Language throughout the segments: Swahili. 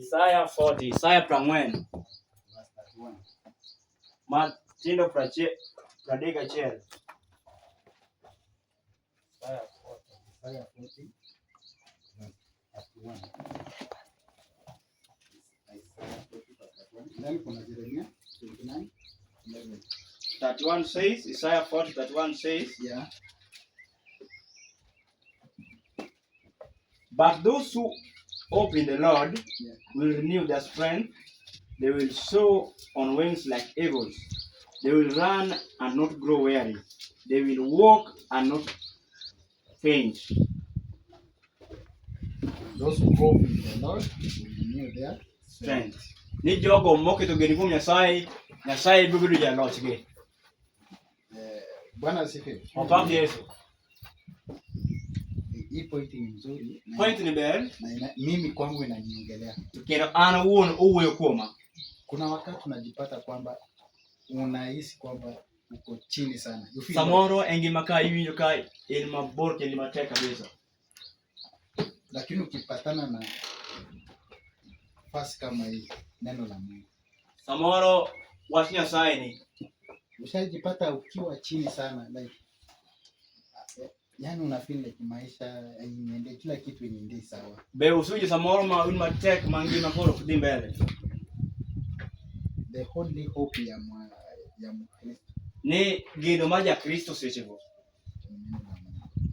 Isaya 40, Isaya prangwen. Matindo pradega chel. Isaya 40, Isaya 40. That one says, Isaiah 40, that one says, yeah. But those who hope in the Lord will renew their strength. They will soar on wings like eagles. They will run and not grow weary. They will walk and not faint. Those who hope in the Lord will renew their strength. Ni jogo moketo kuom Nyasaye, Nyasaye biro jalochgi. Eh, Bwana asifiwe. Opak Yesu. Hii point ni mzuri. Point ni bad. Na mimi kwangu inaniongelea. Tukero ana uone uwe kuoma. Kuna wakati unajipata kwamba unahisi kwamba uko chini sana. Samoro engi makaa hivi yoka ili mabork ili teka kabisa. Lakini ukipatana na fasi kama hii neno la Mungu. Samoro wasinya saini. Ushajipata ukiwa chini sana like Yani unafeel like maisha inaende kila kitu inaende sawa. Be usuje samoro ma unma tek mangi na koro kudi mbele. The holy hope ya ma ya Mkristo. Ni gido maji ya Kristo sechevo.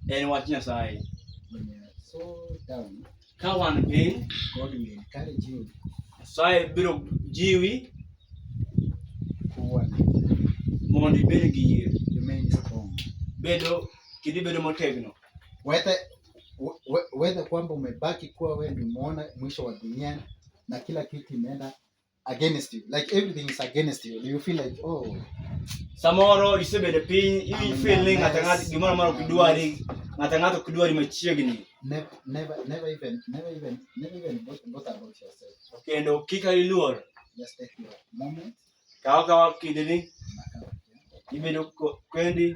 En wach Nyasaye. So down. Kawa wan piny, God will encourage you. Nyasaye biro jiwi kuwa mondo ibed gi Remain strong. Bedo kidibedo motegno wete we, wete kwamba umebaki kuwa wewe ni muona mwisho wa dunia na kila kitu imeenda against you like everything is against you do you feel like oh samoro isebede piny you feel like ng'ata mara kidua ni okidwari kidua ni okidwari machiegni never never even never even never even bother about yourself okay kendo kik iluor just take your moment kawa kawa kidini kindeni ibedo kendi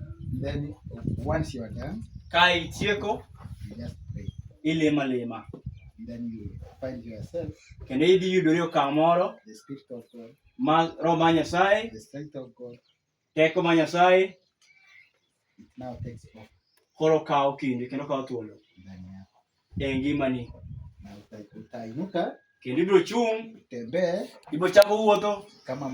Then once you are done, kaitieko ilema lema. Then you find yourself kendo idhi yudori kamoro the spirit of God, ma roho ma Nyasaye the strength of God, teko ma Nyasaye now takes off. Koro kawo kinde kendo kawo thuolo e ngimani utainuka kendo ibiro chung' tembee, ibiro chako wuotho kama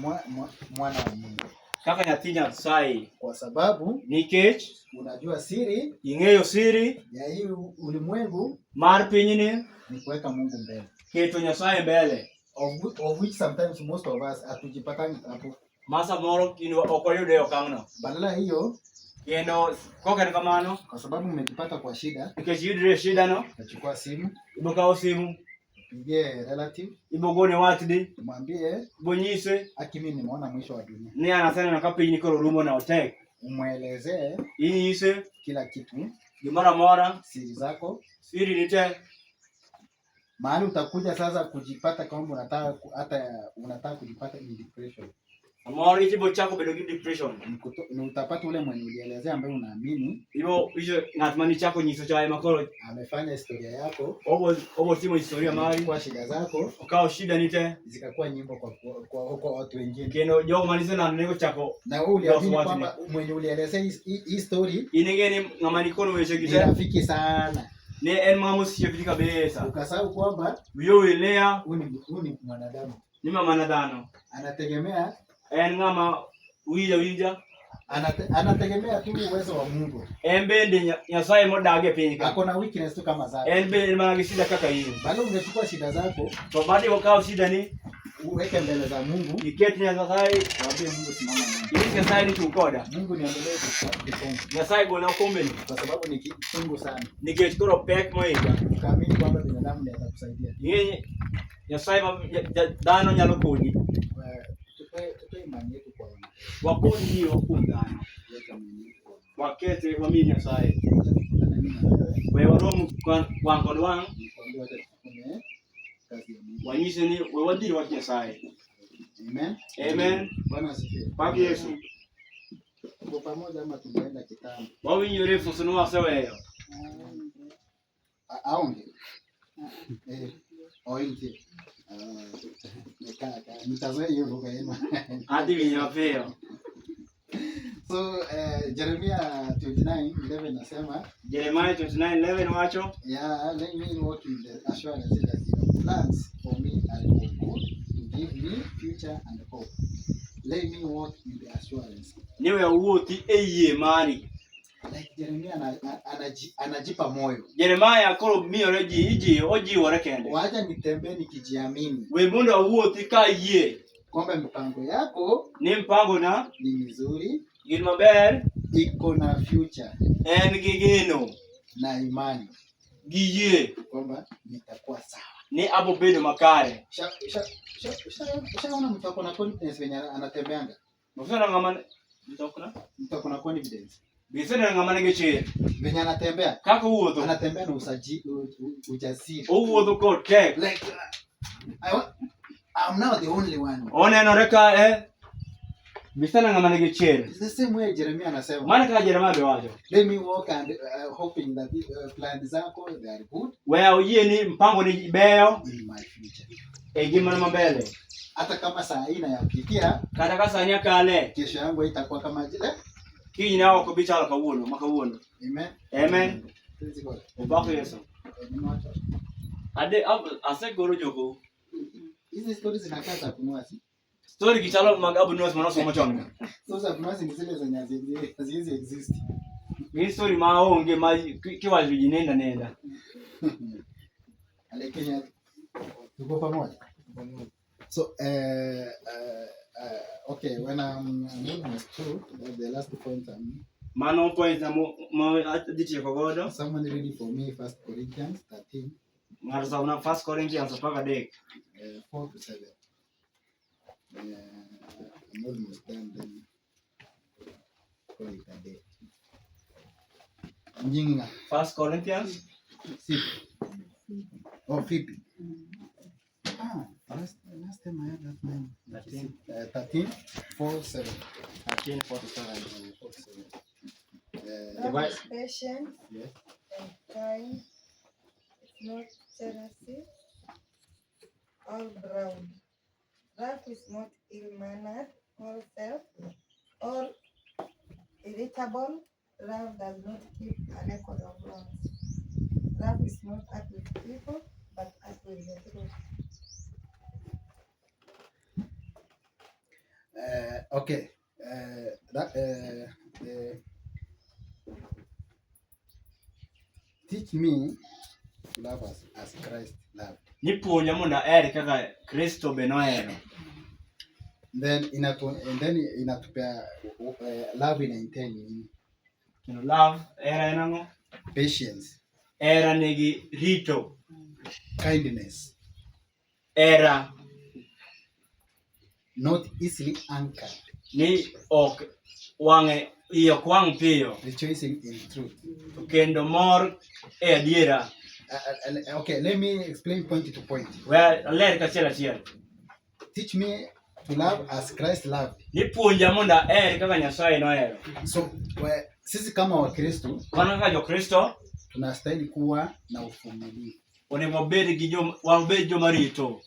mwana wa Mungu kaka nyatinya sai kwa sababu nikech unajua siri ing'eyo siri ya hii ulimwengu mar pinyni ni kuweka Mungu mbele, keto Nyasaye mbele of, of which sometimes most of us hatujipatangi hapo. Ma samoro ok wayudo okang'no. Badala hiyo kendo kok kamano, kwa sababu umejipata kwa shida, nikech yudre shidano, nachukua simu, ibokawo simu Mpigie relative. Ibogone watidi. Mwambie. Bonyise. Akimi nimeona mwisho wa dunia. Ni anasema na kapi ni koro rumo na otek. Umwelezee. ini ise. Kila kitu. Jumara mora. Siri zako. Siri ni te. Mahali utakuja sasa kujipata kama unataka hata unataka kujipata in depression. Maoni kibo chako bado give depression. Na utapata ule mwenye ulielezea ambaye unaamini. Hivyo hizo natumani chako nyiso cha haya makolo. Amefanya historia yako. Obo obo simo historia mali kwa shida zako. Ukao shida nite zikakuwa nyimbo kwa kwa, kwa watu wengine. Keno jo malize na neno chako. Na wewe uliamini kwamba mwenye ulielezea hii story. Inengeni na manikono wewe shekita. Rafiki sana. Ne en mamo sio vitu kabisa. Ukasahau kwamba wewe ni mwanadamu. Ni mwanadamu. Anategemea en eh, ng'ama winja winja anategemea tu uwezo wa Mungu. En eh, bende Nyasaye modage piny ka. Ako weakness tu kama zako. En eh, bende mangi shida kaka hiyo. Bado ungechukua shida zako. To baada ukao shida ni uweke mbele za Mungu. Iketi na Nyasaye, waambie Mungu simama Mungu. Ili Nyasaye ni kukoda. Mungu ni endelee kukuongoza. Nyasaye gona kombe ni kwa sababu ni kitungu sana. Nikechukua pek moja. Kaamini kwamba binadamu ndiye atakusaidia. Yeye Nyasaye dano nyalo kodi wakonio ungano wakete wamini nyasaye wewarom wankod wang' wanyise ni wewadhir wach nyasaye amen pak yesu wawinjore fuso niwaseweyo aonge eh, ointie kaka, nitazoea hivyo kwa hivyo hadi niwapeo. So uh, Jeremiah 29:11 nasema Jeremiah 29:11 wacho yeah let me walk in the assurance that your plans for me are good to give me future and hope let me walk in the assurance niwe uwoti eyie mari like Jeremia ana, anaji, anajipa moyo. Jeremia akoro mio ji iji oji warekende. Wacha nitembee nikijiamini. We mundu awuothi ka yie. Kwamba mipango yako ni mpango na ni mizuri. Gin maber iko na future. En gi geno na imani. Gi yie kwamba nitakuwa sawa. Ni abo bedo makare. Ushaona mtu confidence eh, venye anatembeanga. Mfano na mtu ako na confidence. Bisenda ngama nige chie. Venye anatembea. Kako uodho. Anatembea na usaji ujasiri. Uodho kote. Like I want, I'm now the only one. One anoreka eh. Bisenda ngama nige chie. It's the same way Jeremiah anasema. Maana kama Jeremiah bewajo. Let me walk and uh, hoping that the uh, plans zako they are good. Wewe uye ni mpango ni ibeo. In my future. Egima na mabele. Hata kama saa hii nayapitia. Hata kama saa hii kale. Kesho yangu haitakuwa kama jile kiny ne ok obi chalo kawuono ma kawuono amen obako yesu asegoro joko stori zinakaa za mag abunwasi manosomo chon so stori maonge ma kiwacho jinenda nenda ale so uh, uh, Uh, okay, when I'm moving through, the last point I'm Mano point I'm at the chief of order. Someone ready for me First Corinthians 13. Mara sa una First Corinthians paka dek. Uh, 4 to 7. Uh, I'm almost done then. Call it a day. Njinga. First Corinthians 6. Oh, Fipi. Ah, first Last time I had that name. 13, uh, 13, 4, 13, 4, 7. 4, 7. Uh, patient. Yes. And kind. It's not jealousy. All brown. Love is not ill mannered, all self, all irritable. Love does not keep a record of wrongs. Love is not at with people, but at with the truth. Uh, okay. Uh, eh, that, uh, eh, the, teach me to love as, as Christ loved. Nipuonja mondo aher kaka Kristo be nohero. Then inatu and then inatupea uh, love ina intend you know love era ina Patience. Era nigi rito. Kindness. Era not easily anchored. Ni ok wang'e iyo kwang piyo, rejoicing in truth. Kendo mor e adiera. Uh, uh, uh okay, let me explain point to point. Well, ler kachiel achiel. Teach me to love as Christ loved. Ni Nipuonja mondo aher kaka Nyasaye nohero. So, well, sisi kama wa Wakristo, wana kaka Jokristo, tunastahili kuwa na uvumilivu. Onego wabed gi joma, wabed joma rito.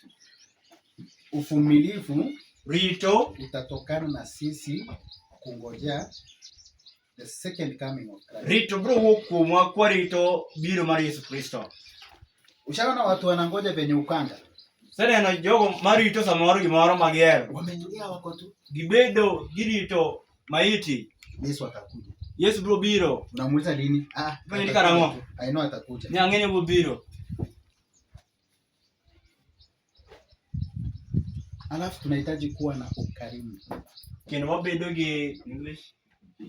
Uvumilivu Rito utatokana na sisi kungojea the second coming of Christ. Rito bro hukumwa kwa rito biro mari Yesu Kristo. Ushaona watu wanangoja venye ukanda. Sasa na jogo mari rito samoro gimoro magero. Wamenyia wako tu. Gibedo girito maiti. Yesu atakuja. Yesu bro biro. Unamuuliza lini? Ah, mimi nikaramo. Aino atakuja. Ni angene bro biro. alafu tunahitaji kuwa na ukarimu. Can what be doge English?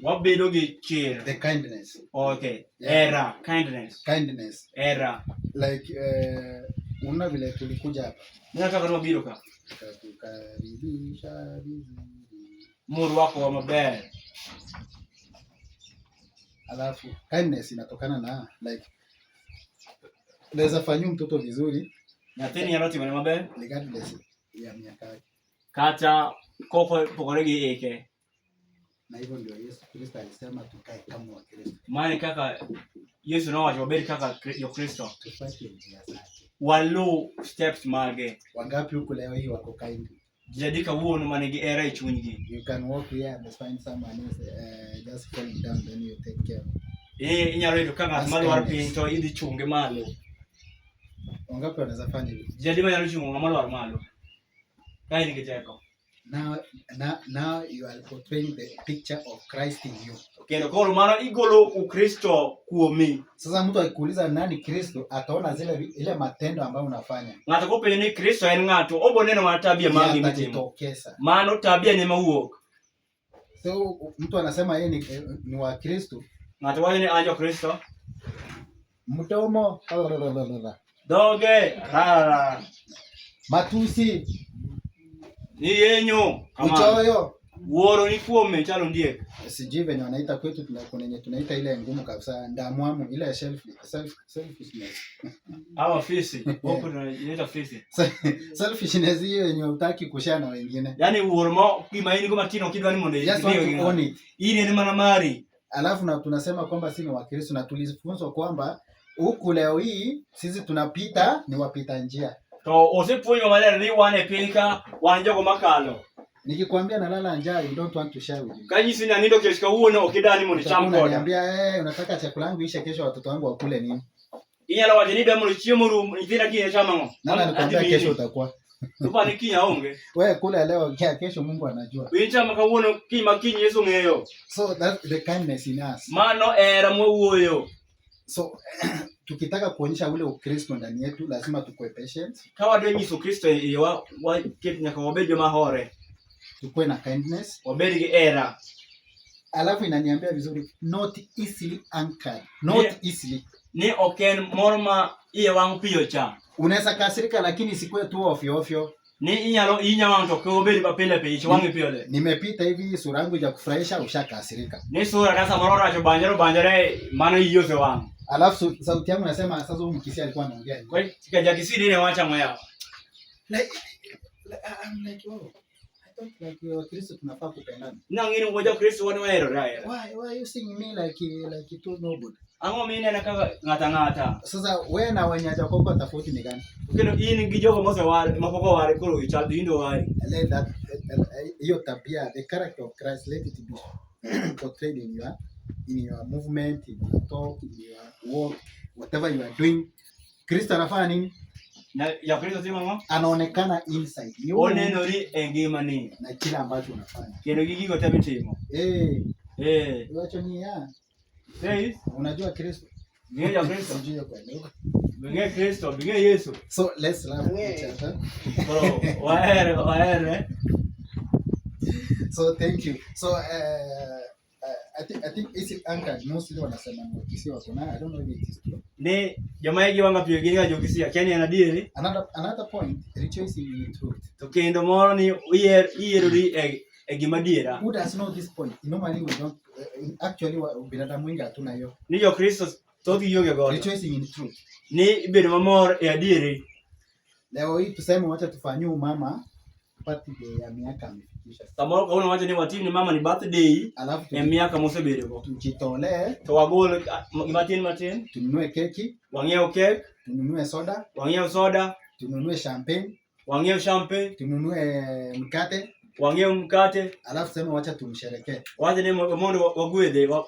What be doge cheer? The kindness. Okay. Yeah. Era, kindness. Kindness. Era. Like uh, una vile tulikuja hapa. Nataka kama biro ka. Tukaribisha vizuri. Muru wako wa mabaya. Alafu kindness inatokana na like naweza fanyu mtoto vizuri. Na tena yaroti mwana mabaya. Regardless ya miaka yake kata koko pokorege eke, na hivyo ndio Yesu Kristo alisema tukae kama Wakristo. Maana kaka Yesu nao wajoberi kaka ya Kristo, tufuate njia zake, walo steps mage. Wangapi huku leo hii wako kaindi jadika huo no manege era ichungi, you can walk here and find someone is uh, just falling down then you take care eh, inyalo ndo kaka malo warpi to idi chunge malo. Wangapi wanaweza fanya hivyo? Jadima yalo chunge malo malo దానికి చేరడం Now, now, now you are portraying the picture of Christ in you. Kendo kwa maana igolo Ukristo kuomi. Sasa mtu akikuuliza nani Kristo ataona zile ile matendo ambayo unafanya. Ngata ko pene Kristo en ngato obo neno wa tabia mangi mitimo. Mano tabia ni mauo. So mtu anasema yeye ni, ni wa Kristo. Ngata wale anjo Kristo. Mtomo. Doge. Ah. Matusi ni yenyu uchoyo uoro ni kuome chalo ndiye sijui venye wanaita kwetu tunakunenye tunaita ile ngumu kabisa ndamwamu ile self self selfishness ama fisi huko tunaita fisi selfishness hiyo yenye hutaki kushana wengine yani uoro kimaini kama tino kidwa ni mwende yes, ili ni manamari alafu na tunasema kwamba si ni wakristo na tulifunzwa kwamba huku leo hii sisi tunapita ni wapita njia to usipunywa ni wane pilika wanjogo makalo nikikwambia nalala njaa you don't want to share with me kajisi na nindo keshika uono okidani muni chamkoda niambia eh unataka chakula yangu ishe kesho watoto wangu wakule nini inyala wajenida muli chimuru nithira kinya ngo nala nikwambia kesho utakuwa tupa ni kinya onge we kule leo kia kesho Mungu anajua wincha makawono kima kinyi Yesu ngeyo so that's the kindness in us mano era mwe uoyo so tukitaka kuonyesha ule Ukristo ndani yetu lazima tukuwe patient. Kawa dwe Yesu Kristo yewa wa kitu nyaka wabedi mahore. tukuwe na kindness. Wabedi era. Alafu inaniambia vizuri not easily anchored. Not ni, easily. Ni oken morma iye wangu pio cha. Unaweza kasirika lakini sikuwe tu ofyo ofyo ni inyalo inyawanto kiumbili papile picho wangi piole nimepita hivi sura yangu ya kufurahisha ushakasirika ni sura kasa mororo acho banjero banjere mano hiyo se wangu su, sauti yangu nasema sasa huyu mkisi alikuwa anaongea kwa hiyo kija kisiri ile wacha moyo na like, oh. Wakristo tunafaa kupendana. Nang'ini ngoja Kristo wana wero raya. Why why you sing me like like too noble? Ango mimi na kaka ngata ngata. Sasa wewe na wenye atakoko tofauti ni gani? Kile hii ni kijoko mose wale mapoko wale kuru child ndio wale. Let that hiyo eh, tabia the character of Christ let it be portrayed in your in your movement, in your talk, in your walk, whatever you are doing. Kristo anafanya nini? na ya Kristo mama anaonekana inside you. Oneno li engima ni na kila ambacho unafanya. Kile gigi yote mitimo. Eh. Eh. Wacho ni ya. Says unajua Kristo. Ni ya Kristo. Unajua kwa leo. Binge Kristo, bige Yesu. So let's love each other. Bro, oh, waere, waere. So thank you. So uh, I think I think it's anchored mostly wanasema kisiwa kuna I don't know if it is true ne jomayigi wang'apiyo gi ng'ajokisia kiani ana adieri another, another point rejoicing in the truth to kendo moro ni iyer, iyerori e, e gima adiera who does know this point you normally we don't uh, actually binadamu wengi hatuna hiyo ni jokristo thoth gionge godo rejoicing in truth ni ibedo mamor e adieri leo hii tuseme wacha tufanyu mama birthday ya miaka Kamaro kaona wacha ni watini mama ni birthday. Alafu ya miaka mosebere ko. Tujitolee. Towagole matini matini Tununue keki. Wangeo cake. Tununue soda. Wangeo soda. Tununue champagne. Wangeo champagne. Tununue mkate. Wangeo mkate. Alafu sema wacha tumsherekee. Wacha ni mondo wagwede wa,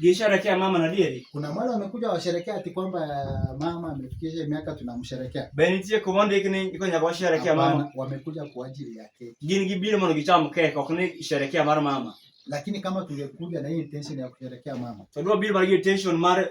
gisherekea mama na deri. Kuna mara amekuja washerekea ati kwamba eh, mama amefikisha miaka tunamsherekea. Benitie komanda ikini iko nya washerekea mama. Wamekuja kwa ajili ya keki. Gini gibile mwana gichamu kwa kuni sherekea mara mama. Lakini kama tungekuja na hii intention ya kusherekea mama. Tadua bila hii intention mara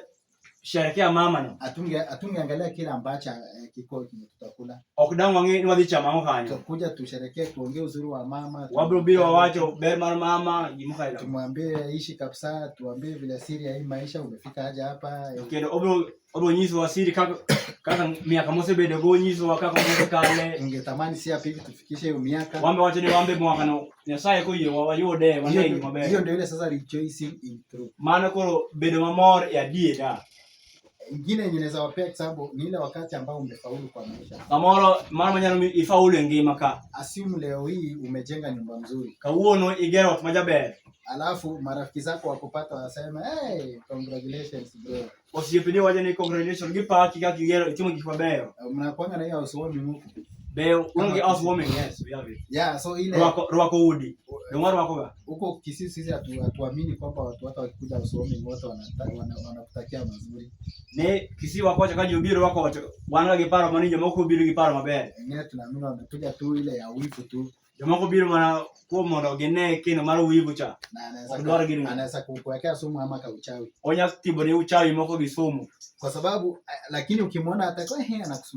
sherekea mama ni atunge atunge angalia kile ambacho eh, kiko tutakula okudang wangi ni wadicha mama kanyo tukuja tusherekee tuongee uzuri wa mama wabro bila wacho bema mama jimuka ila tumwambie ishi kabisa tuambie vile siri ya hii maisha umefika aje hapa eh. okendo obro obro nyizo wa siri kaka kaka miaka mose bede go nyizo wa kaka mose kale ningetamani si hapa tufikishe hiyo miaka wambe wacho ni wambe mwakano nyasaye ko yewa wayode wanayi mabere hiyo ndio ile sasa rejoicing in truth maana koro bedo mamor ya dieda ingine yenye naweza wapea sababu ni ile wakati ambao umefaulu kwa maisha. Kamoro mara manyano ifaulu ngi maka. Asimu leo hii umejenga nyumba nzuri. mzuri. Kauono igero tumaja tumajabe. Alafu marafiki zako wakupata wanasema "Hey, congratulations bro." Usijipindie waje ni congratulations gipa kika kigero timu kikwabeo. Eh, Mnakwanga na hiyo usuomi mko. unge as woman yes, we have it. Yeah, so ile Ruako Ruako Udi huko Kisii sisi hatuamini kwamba watu hata wakikuja usomi wote wanakutakia mazuri. Ne Kisii wako cha kaji ubiro wako watu wanaga giparo mani jamaa ko ubiro giparo mabere. Ne tunaamini wamekuja tu ile ya wivu tu. Jamaa ko biro mwana kwa mwana gene kina mara wivu cha. Na anaweza anaweza kukuwekea sumu ama kauchawi. Onya tibo ni uchawi moko gisumu. Kwa sababu eh, lakini ukimwona atakuwa hea anakusema